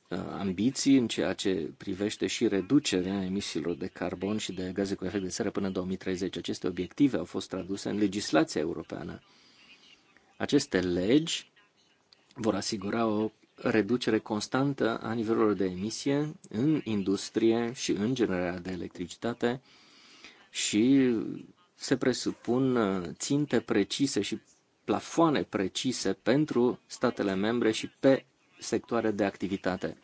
uh, ambiții în ceea ce privește și reducerea emisiilor de carbon și de gaze cu efect de seră până în 2030. Aceste obiective au fost traduse în legislația europeană. Aceste legi vor asigura o reducere constantă a nivelurilor de emisie în industrie și în generarea de electricitate și se presupun uh, ținte precise și plafoane precise pentru statele membre și pe sectoare de activitate.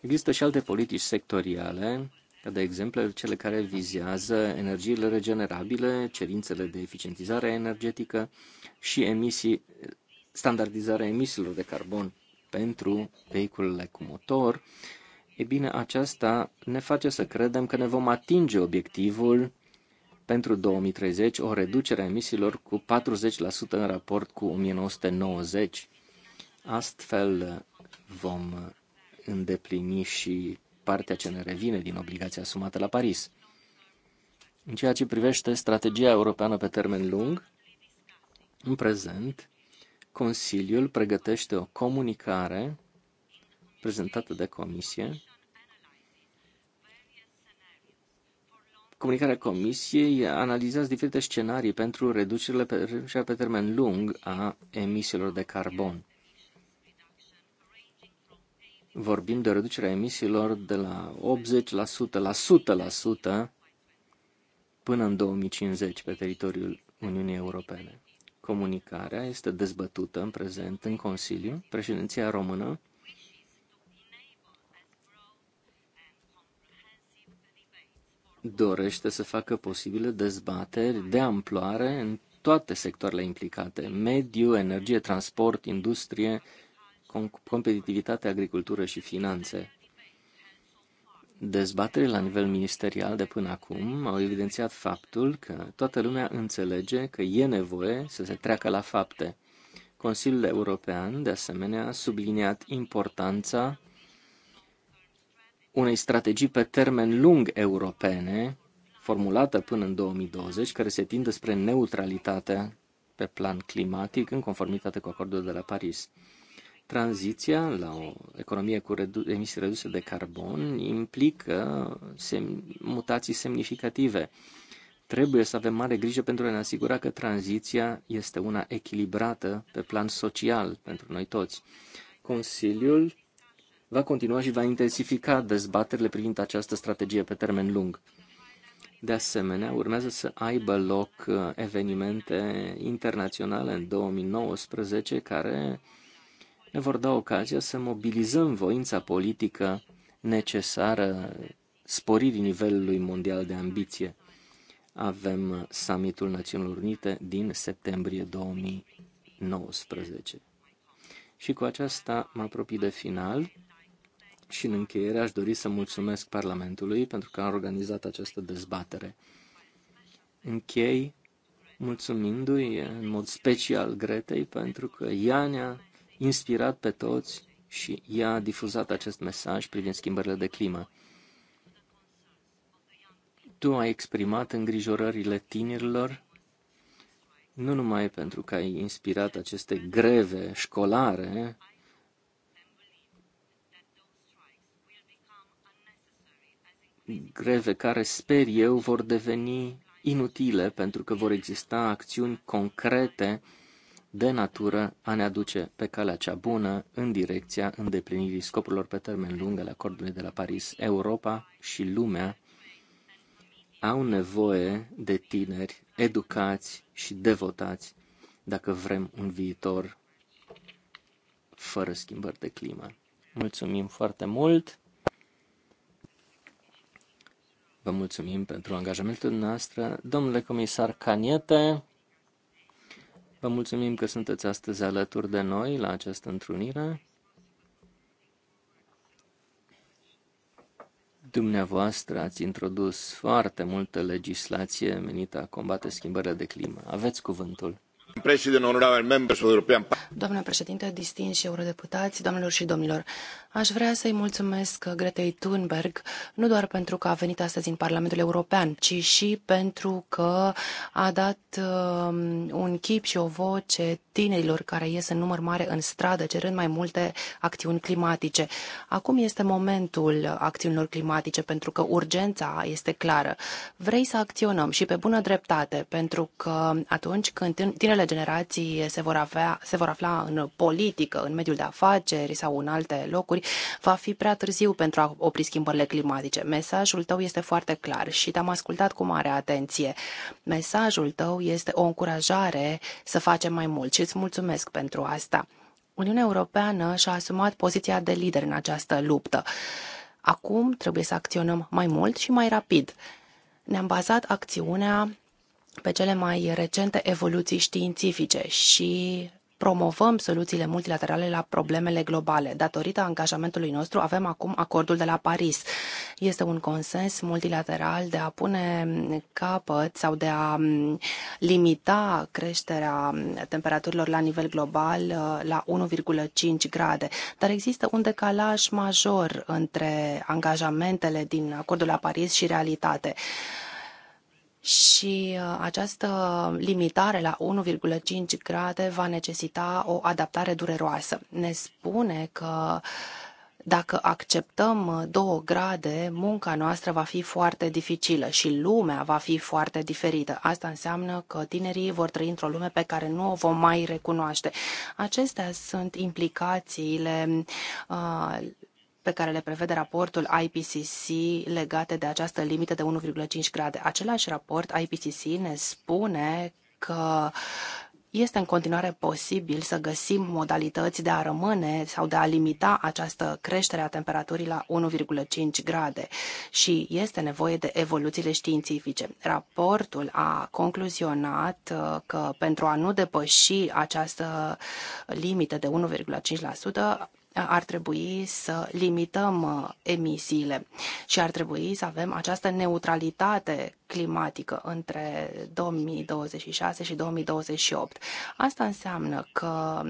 Există și alte politici sectoriale, ca de exemplu cele care vizează energiile regenerabile, cerințele de eficientizare energetică și emisii standardizarea emisiilor de carbon pentru vehiculele cu motor, e bine, aceasta ne face să credem că ne vom atinge obiectivul pentru 2030, o reducere a emisiilor cu 40% în raport cu 1990. Astfel vom îndeplini și partea ce ne revine din obligația asumată la Paris. În ceea ce privește strategia europeană pe termen lung, în prezent Consiliul pregătește o comunicare prezentată de Comisie. Comunicarea Comisiei analizează diferite scenarii pentru reducerile pe, pe termen lung a emisiilor de carbon. Vorbim de reducerea emisiilor de la 80% la 100% până în 2050 pe teritoriul Uniunii Europene. Comunicarea este dezbătută în prezent în Consiliu. Președinția română dorește să facă posibile dezbateri de amploare în toate sectoarele implicate, mediu, energie, transport, industrie, competitivitate, agricultură și finanțe. Dezbaterile la nivel ministerial de până acum au evidențiat faptul că toată lumea înțelege că e nevoie să se treacă la fapte. Consiliul European, de asemenea, a subliniat importanța unei strategii pe termen lung europene, formulată până în 2020, care se tindă spre neutralitate pe plan climatic, în conformitate cu acordul de la Paris. Tranziția la o economie cu redu- emisii reduse de carbon implică sem- mutații semnificative. Trebuie să avem mare grijă pentru a ne asigura că tranziția este una echilibrată pe plan social pentru noi toți. Consiliul va continua și va intensifica dezbaterile privind această strategie pe termen lung. De asemenea, urmează să aibă loc uh, evenimente internaționale în 2019 care ne vor da ocazia să mobilizăm voința politică necesară sporirii nivelului mondial de ambiție. Avem uh, summitul Națiunilor Unite din septembrie 2019. Și cu aceasta mă apropii de final și în încheiere aș dori să mulțumesc Parlamentului pentru că a organizat această dezbatere. Închei mulțumindu-i în mod special Gretei pentru că ea ne-a inspirat pe toți și i a difuzat acest mesaj privind schimbările de climă. Tu ai exprimat îngrijorările tinerilor nu numai pentru că ai inspirat aceste greve școlare, greve care, sper eu, vor deveni inutile pentru că vor exista acțiuni concrete de natură a ne aduce pe calea cea bună în direcția îndeplinirii scopurilor pe termen lung ale acordului de la Paris. Europa și lumea au nevoie de tineri educați și devotați dacă vrem un viitor fără schimbări de climă. Mulțumim foarte mult! Vă mulțumim pentru angajamentul noastră, domnule comisar Caniete. Vă mulțumim că sunteți astăzi alături de noi la această întrunire. Dumneavoastră ați introdus foarte multă legislație menită a combate schimbările de climă. Aveți cuvântul. Domnule președinte, distinși eurodeputați, doamnelor și domnilor, aș vrea să-i mulțumesc Gretei Thunberg nu doar pentru că a venit astăzi în Parlamentul European, ci și pentru că a dat um, un chip și o voce tinerilor care ies în număr mare în stradă, cerând mai multe acțiuni climatice. Acum este momentul acțiunilor climatice, pentru că urgența este clară. Vrei să acționăm și pe bună dreptate, pentru că atunci când tinerile noile generații se vor, avea, se vor afla în politică, în mediul de afaceri sau în alte locuri, va fi prea târziu pentru a opri schimbările climatice. Mesajul tău este foarte clar și te-am ascultat cu mare atenție. Mesajul tău este o încurajare să facem mai mult și îți mulțumesc pentru asta. Uniunea Europeană și-a asumat poziția de lider în această luptă. Acum trebuie să acționăm mai mult și mai rapid. Ne-am bazat acțiunea pe cele mai recente evoluții științifice și promovăm soluțiile multilaterale la problemele globale. Datorită angajamentului nostru, avem acum acordul de la Paris. Este un consens multilateral de a pune capăt sau de a limita creșterea temperaturilor la nivel global uh, la 1,5 grade. Dar există un decalaj major între angajamentele din acordul la Paris și realitate și uh, această limitare la 1,5 grade va necesita o adaptare dureroasă. Ne spune că dacă acceptăm 2 uh, grade, munca noastră va fi foarte dificilă și lumea va fi foarte diferită. Asta înseamnă că tinerii vor trăi într-o lume pe care nu o vom mai recunoaște. Acestea sunt implicațiile uh, pe care le prevede raportul IPCC legate de această limită de 1,5 grade. Același raport IPCC ne spune că este în continuare posibil să găsim modalități de a rămâne sau de a limita această creștere a temperaturii la 1,5 grade și este nevoie de evoluțiile științifice. Raportul a concluzionat uh, că pentru a nu depăși această limită de 1,5%, ar trebui să limităm uh, emisiile și ar trebui să avem această neutralitate climatică între 2026 și 2028. Asta înseamnă că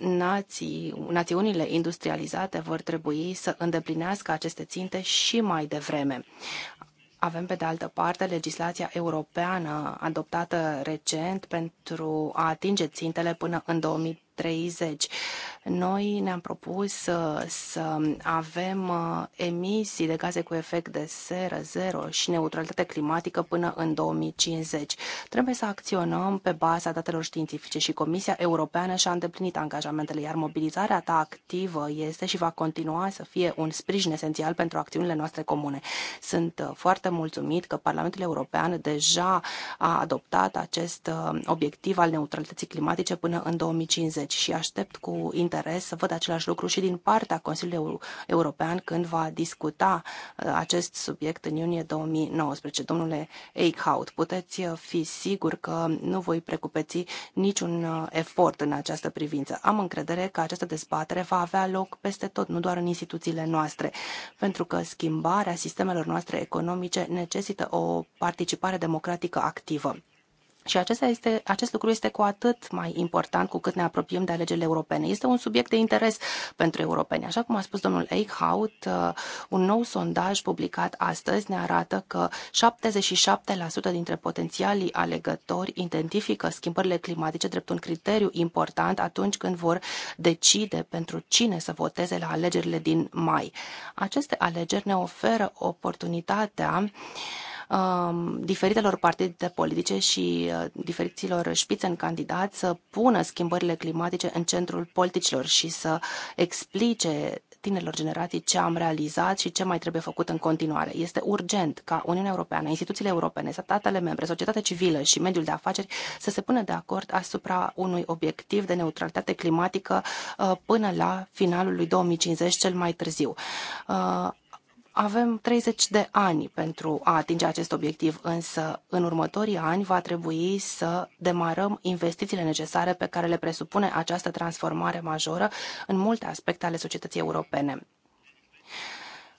nații, națiunile industrializate vor trebui să îndeplinească aceste ținte și mai devreme. Avem, pe de altă parte, legislația europeană adoptată recent pentru a atinge țintele până în 2030. Noi ne-am propus să, uh, să avem uh, emisii de gaze cu efect de seră zero și neutralitate climatică până în 2050. Trebuie să acționăm pe baza datelor științifice și Comisia Europeană și-a îndeplinit angajamentele, iar mobilizarea ta activă este și va continua să fie un sprijin esențial pentru acțiunile noastre comune. Sunt uh, foarte mulțumit că Parlamentul European deja a adoptat acest obiectiv al neutralității climatice până în 2050 și aștept cu interes interes să văd același lucru și din partea Consiliului European când va discuta uh, acest subiect în iunie 2019. Domnule Eichhout, puteți uh, fi sigur că nu voi precupeți niciun uh, efort în această privință. Am încredere că această dezbatere va avea loc peste tot, nu doar în instituțiile noastre, pentru că schimbarea sistemelor noastre economice necesită o participare democratică activă. Și acesta este, acest lucru este cu atât mai important cu cât ne apropiem de alegerile europene. Este un subiect de interes pentru europeni. Așa cum a spus domnul Eichhout, uh, un nou sondaj publicat astăzi ne arată că 77% dintre potențialii alegători identifică schimbările climatice drept un criteriu important atunci când vor decide pentru cine să voteze la alegerile din mai. Aceste alegeri ne oferă oportunitatea Um, diferitelor partide politice și uh, diferiților șpițe în candidat să pună schimbările climatice în centrul politicilor și să explice tinerilor generații ce am realizat și ce mai trebuie făcut în continuare. Este urgent ca Uniunea Europeană, instituțiile europene, statele membre, societatea civilă și mediul de afaceri să se pună de acord asupra unui obiectiv de neutralitate climatică uh, până la finalul lui 2050 cel mai târziu. Uh, avem 30 de ani pentru a atinge acest obiectiv, însă în următorii ani va trebui să demarăm investițiile necesare pe care le presupune această transformare majoră în multe aspecte ale societății europene.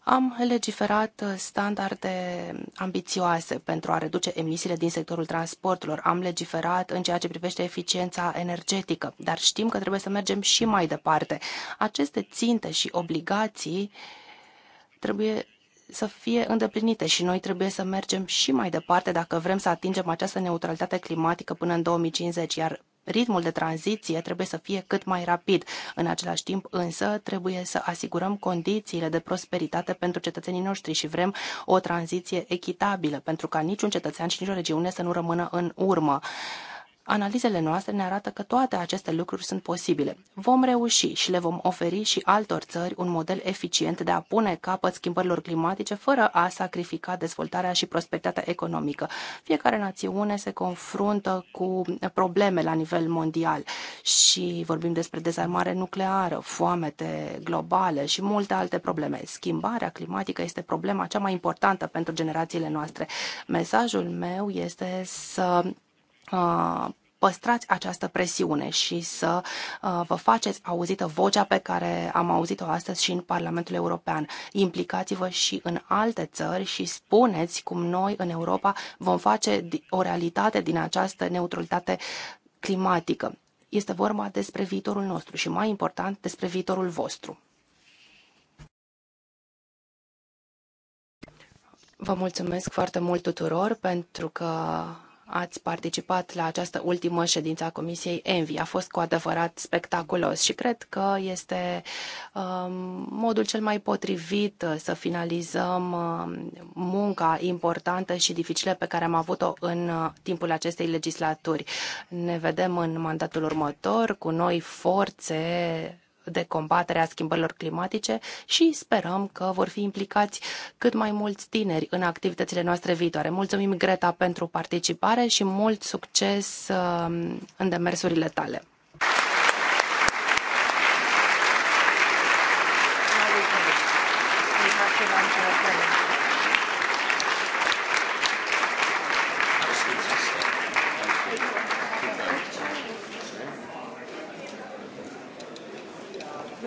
Am legiferat standarde ambițioase pentru a reduce emisiile din sectorul transporturilor. Am legiferat în ceea ce privește eficiența energetică, dar știm că trebuie să mergem și mai departe. Aceste ținte și obligații uh, trebuie să fie îndeplinite și noi trebuie să mergem și mai departe dacă vrem să atingem această neutralitate climatică până în 2050, iar ritmul de tranziție trebuie să fie cât mai rapid. În același timp, însă, trebuie să asigurăm condițiile de prosperitate pentru cetățenii noștri și vrem o tranziție echitabilă, pentru ca niciun cetățean și nicio regiune să nu rămână în urmă. Analizele noastre ne arată că toate aceste lucruri sunt posibile. Vom reuși și le vom oferi și altor țări un model eficient de a pune capăt schimbărilor climatice fără a sacrifica dezvoltarea și prosperitatea economică. Fiecare națiune se confruntă cu probleme la nivel mondial și vorbim despre dezarmare nucleară, foamete globale și multe alte probleme. Schimbarea climatică este problema cea mai importantă pentru generațiile noastre. Mesajul meu este să Uh, păstrați această presiune și să uh, vă faceți auzită vocea pe care am auzit-o astăzi și în Parlamentul European. Implicați-vă și în alte țări și spuneți cum noi în Europa vom face o realitate din această neutralitate climatică. Este vorba despre viitorul nostru și, mai important, despre viitorul vostru. Vă mulțumesc foarte mult tuturor pentru că ați participat la această ultimă ședință a Comisiei Envi. A fost cu adevărat spectaculos și cred că este um, modul cel mai potrivit uh, să finalizăm um, munca importantă și dificilă pe care am avut-o în uh, timpul acestei legislaturi. Ne vedem în mandatul următor cu noi forțe de combatere a schimbărilor climatice și sperăm că vor fi implicați cât mai mulți tineri în activitățile noastre viitoare. Mulțumim, Greta, pentru participare și mult succes um, în demersurile tale.